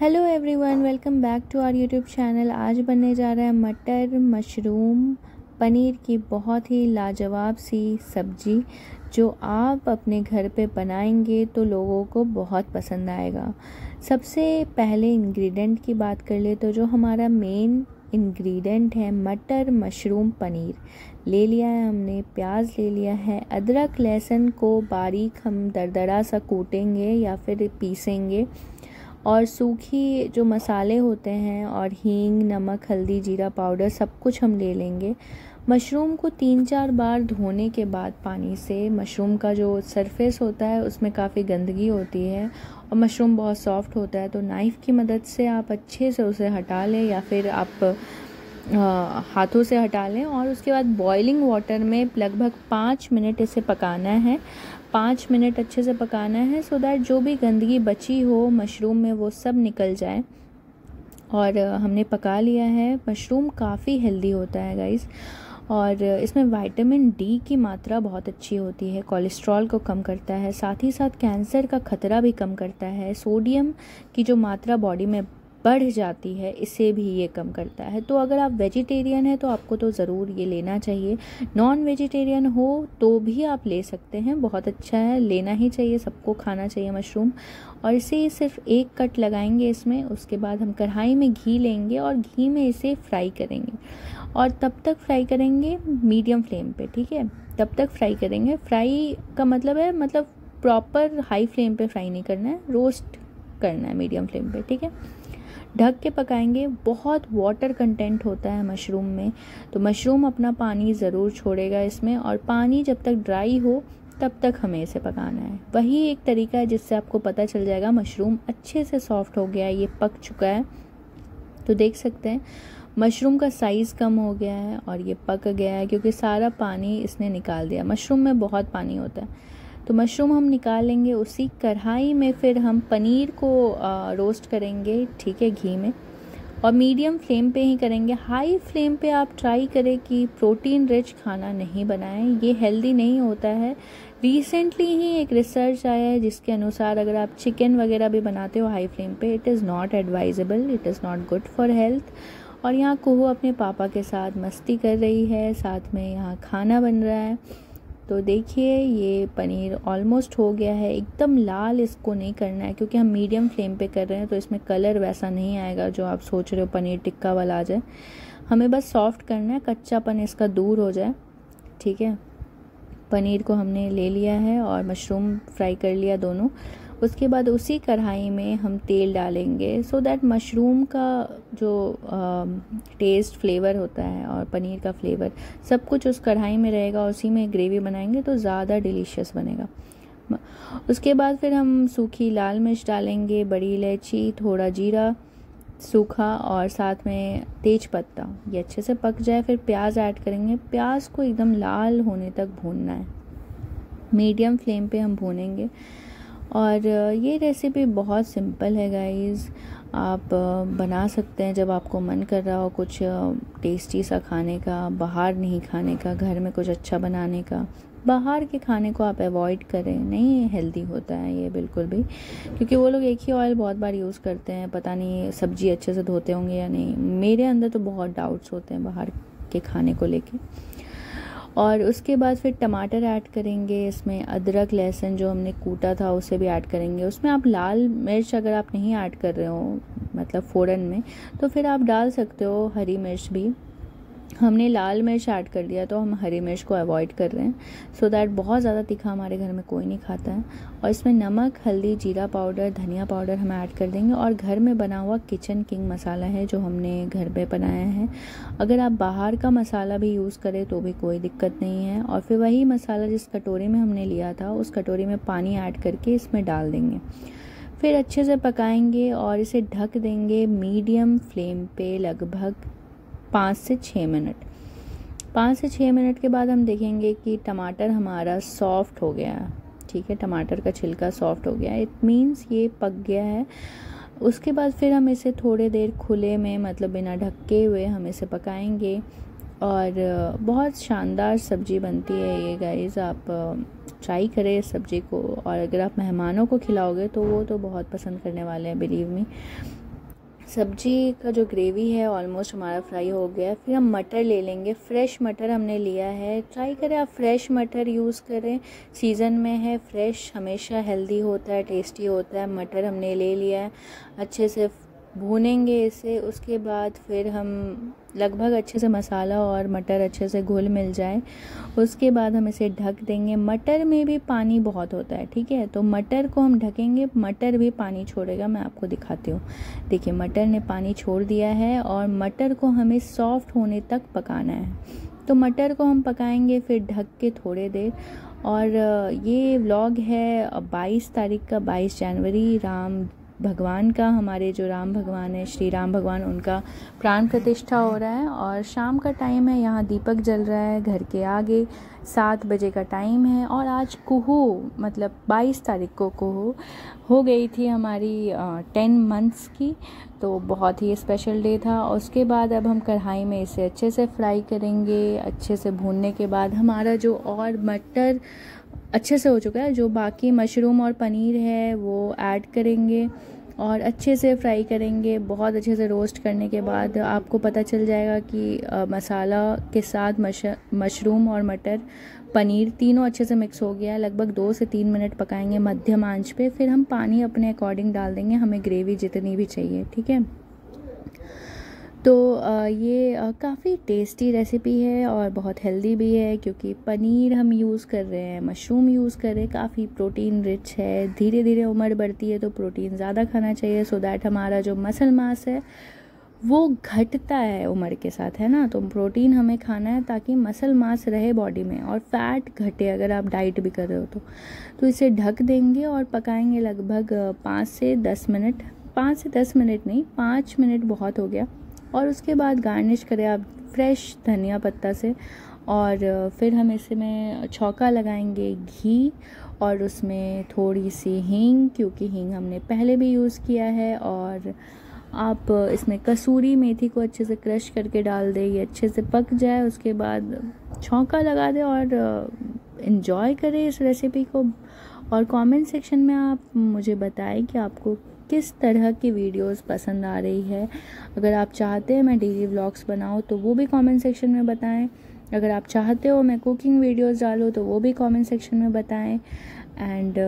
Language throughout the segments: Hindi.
hello everyone welcome back to our YouTube channel आज बनने जा रहा है मटर मशरूम पनीर की बहुत ही लाजवाब सी सब्जी जो आप अपने घर पे बनाएंगे तो लोगों को बहुत पसंद आएगा सबसे पहले इंग्रेडिएंट की बात कर ले तो जो हमारा मेन इंग्रेडिएंट है मटर मशरूम पनीर ले लिया है हमने प्याज ले लिया है अदरक लहसुन को बारीक हम दरदरा सा कूटेंगे या फिर पीसेंगे और सूखी जो मसाले होते हैं और हींग नमक हल्दी जीरा पाउडर सब कुछ हम ले लेंगे मशरूम को तीन चार बार धोने के बाद पानी से मशरूम का जो सरफेस होता है उसमें काफ़ी गंदगी होती है और मशरूम बहुत सॉफ्ट होता है तो नाइफ़ की मदद से आप अच्छे से उसे हटा लें या फिर आप हाथों से हटा लें और उसके बाद बॉइलिंग वाटर में लगभग पाँच मिनट इसे पकाना है पाँच मिनट अच्छे से पकाना है सो दैट जो भी गंदगी बची हो मशरूम में वो सब निकल जाए और हमने पका लिया है मशरूम काफ़ी हेल्दी होता है गाइस और इसमें विटामिन डी की मात्रा बहुत अच्छी होती है कोलेस्ट्रॉल को कम करता है साथ ही साथ कैंसर का खतरा भी कम करता है सोडियम की जो मात्रा बॉडी में बढ़ जाती है इसे भी ये कम करता है तो अगर आप वेजिटेरियन हैं तो आपको तो ज़रूर ये लेना चाहिए नॉन वेजिटेरियन हो तो भी आप ले सकते हैं बहुत अच्छा है लेना ही चाहिए सबको खाना चाहिए मशरूम और इसे सिर्फ एक कट लगाएंगे इसमें उसके बाद हम कढ़ाई में घी लेंगे और घी में इसे फ्राई करेंगे और तब तक फ्राई करेंगे मीडियम फ्लेम पर ठीक है तब तक फ्राई करेंगे फ्राई का मतलब है मतलब प्रॉपर हाई फ्लेम पर फ्राई नहीं करना है रोस्ट करना है मीडियम फ्लेम पे ठीक है ढक के पकाएंगे बहुत वाटर कंटेंट होता है मशरूम में तो मशरूम अपना पानी ज़रूर छोड़ेगा इसमें और पानी जब तक ड्राई हो तब तक हमें इसे पकाना है वही एक तरीका है जिससे आपको पता चल जाएगा मशरूम अच्छे से सॉफ्ट हो गया है ये पक चुका है तो देख सकते हैं मशरूम का साइज़ कम हो गया है और ये पक गया है क्योंकि सारा पानी इसने निकाल दिया मशरूम में बहुत पानी होता है तो मशरूम हम निकाल लेंगे उसी कढ़ाई में फिर हम पनीर को रोस्ट करेंगे ठीक है घी में और मीडियम फ्लेम पे ही करेंगे हाई फ्लेम पे आप ट्राई करें कि प्रोटीन रिच खाना नहीं बनाएं ये हेल्दी नहीं होता है रिसेंटली ही एक रिसर्च आया है जिसके अनुसार अगर आप चिकन वगैरह भी बनाते हो हाई फ्लेम पे it is not advisable it is not good for health और यहाँ कोहो अपने पापा के साथ मस्ती कर रही है साथ में यहाँ खाना बन रहा है तो देखिए ये पनीर ऑलमोस्ट हो गया है एकदम लाल इसको नहीं करना है क्योंकि हम मीडियम फ्लेम पे कर रहे हैं तो इसमें कलर वैसा नहीं आएगा जो आप सोच रहे हो पनीर टिक्का वाला आ जाए हमें बस सॉफ्ट करना है कच्चापन इसका दूर हो जाए ठीक है पनीर को हमने ले लिया है और मशरूम फ्राई कर लिया दोनों उसके बाद उसी कढ़ाई में हम तेल डालेंगे सो दैट मशरूम का जो टेस्ट फ्लेवर होता है और पनीर का फ्लेवर सब कुछ उस कढ़ाई में रहेगा उसी में ग्रेवी बनाएंगे तो ज़्यादा डिलीशियस बनेगा उसके बाद फिर हम सूखी लाल मिर्च डालेंगे बड़ी इलायची थोड़ा जीरा सूखा और साथ में तेज पत्ता ये अच्छे से पक जाए फिर प्याज ऐड करेंगे प्याज को एकदम लाल होने तक भूनना है मीडियम फ्लेम पे हम भूनेंगे और ये रेसिपी बहुत सिंपल है गाइस आप बना सकते हैं जब आपको मन कर रहा हो कुछ टेस्टी सा खाने का बाहर नहीं खाने का घर में कुछ अच्छा बनाने का बाहर के खाने को आप अवॉइड करें नहीं हेल्दी होता है ये बिल्कुल भी क्योंकि वो लोग एक ही ऑयल बहुत बार यूज़ करते हैं पता नहीं सब्जी अच्छे से धोते होंगे या नहीं मेरे अंदर तो बहुत डाउट्स होते हैं बाहर के खाने को लेके और उसके बाद फिर टमाटर ऐड करेंगे इसमें अदरक लहसुन जो हमने कूटा था उसे भी ऐड करेंगे उसमें आप लाल मिर्च अगर आप नहीं ऐड कर रहे हो मतलब फ़ौरन में तो फिर आप डाल सकते हो हरी मिर्च भी हमने लाल मिर्च ऐड कर दिया तो हम हरी मिर्च को अवॉइड कर रहे हैं सो so दैट बहुत ज़्यादा तीखा हमारे घर में कोई नहीं खाता है और इसमें नमक हल्दी जीरा पाउडर धनिया पाउडर हम ऐड कर देंगे और घर में बना हुआ किचन किंग मसाला है जो हमने घर पे बनाया है अगर आप बाहर का मसाला भी यूज़ करें तो भी कोई दिक्कत नहीं है और फिर वही मसाला जिस कटोरे में हमने लिया था उस कटोरी में पानी ऐड करके इसमें डाल देंगे फिर अच्छे से पकाएंगे और इसे ढक देंगे मीडियम फ्लेम पे लगभग पाँच से छः मिनट पाँच से छः मिनट के बाद हम देखेंगे कि टमाटर हमारा सॉफ्ट हो गया ठीक है टमाटर का छिलका सॉफ्ट हो गया इट मीन्स ये पक गया है उसके बाद फिर हम इसे थोड़े देर खुले में मतलब बिना ढके हुए हम इसे पकाएंगे और बहुत शानदार सब्ज़ी बनती है ये गाइज आप ट्राई करें सब्ज़ी को और अगर आप मेहमानों को खिलाओगे तो वो तो बहुत पसंद करने वाले हैं बिलीव मी सब्जी का जो ग्रेवी है ऑलमोस्ट हमारा फ्राई हो गया फिर हम मटर ले लेंगे फ्रेश मटर हमने लिया है ट्राई करें आप फ्रेश मटर यूज़ करें सीज़न में है फ्रेश हमेशा हेल्दी होता है टेस्टी होता है मटर हमने ले लिया है अच्छे से भूनेंगे इसे उसके बाद फिर हम लगभग अच्छे से मसाला और मटर अच्छे से घुल मिल जाए उसके बाद हम इसे ढक देंगे मटर में भी पानी बहुत होता है ठीक है तो मटर को हम ढकेंगे मटर भी पानी छोड़ेगा मैं आपको दिखाती हूँ देखिए मटर ने पानी छोड़ दिया है और मटर को हमें सॉफ्ट होने तक पकाना है तो मटर को हम पकाएंगे फिर ढक के थोड़े देर और ये व्लॉग है 22 तारीख का 22 जनवरी राम भगवान का हमारे जो राम भगवान है श्री राम भगवान उनका प्राण प्रतिष्ठा हो रहा है और शाम का टाइम है यहाँ दीपक जल रहा है घर के आगे सात बजे का टाइम है और आज कुहू मतलब 22 तारीख को कुहू हो गई थी हमारी टेन मंथ्स की तो बहुत ही स्पेशल डे था उसके बाद अब हम कढ़ाई में इसे अच्छे से फ्राई करेंगे अच्छे से भूनने के बाद हमारा जो और मटर अच्छे से हो चुका है जो बाकी मशरूम और पनीर है वो ऐड करेंगे और अच्छे से फ्राई करेंगे बहुत अच्छे से रोस्ट करने के बाद आपको पता चल जाएगा कि आ, मसाला के साथ मश मशरूम और मटर पनीर तीनों अच्छे से मिक्स हो गया है लगभग दो से तीन मिनट पकाएंगे मध्यम आंच पे फिर हम पानी अपने अकॉर्डिंग डाल देंगे हमें ग्रेवी जितनी भी चाहिए ठीक है तो ये काफ़ी टेस्टी रेसिपी है और बहुत हेल्दी भी है क्योंकि पनीर हम यूज़ कर रहे हैं मशरूम यूज़ कर रहे हैं काफ़ी प्रोटीन रिच है धीरे धीरे उम्र बढ़ती है तो प्रोटीन ज़्यादा खाना चाहिए सो दैट हमारा जो मसल मास है वो घटता है उम्र के साथ है ना तो प्रोटीन हमें खाना है ताकि मसल मास रहे बॉडी में और फैट घटे अगर आप डाइट भी कर रहे हो तो तो इसे ढक देंगे और पकाएंगे लगभग पाँच से दस मिनट पाँच से दस मिनट नहीं पाँच मिनट बहुत हो गया और उसके बाद गार्निश करें आप फ्रेश धनिया पत्ता से और फिर हम इसमें छौका लगाएंगे घी और उसमें थोड़ी सी हींग क्योंकि हींग हमने पहले भी यूज़ किया है और आप इसमें कसूरी मेथी को अच्छे से क्रश करके डाल दें ये अच्छे से पक जाए उसके बाद छौंका लगा दें और इन्जॉय करें इस रेसिपी को और कमेंट सेक्शन में आप मुझे बताएं कि आपको किस तरह की वीडियोस पसंद आ रही है अगर आप चाहते हैं मैं डेली व्लॉग्स बनाऊँ तो वो भी कमेंट सेक्शन में बताएं अगर आप चाहते हो मैं कुकिंग वीडियोस डालूँ तो वो भी कमेंट सेक्शन में बताएं and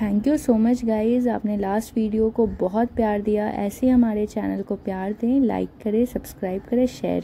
thank you so much guys आपने लास्ट वीडियो को बहुत प्यार दिया ऐसे हमारे चैनल को प्यार दें लाइक करें सब्सक्राइब करें शेयर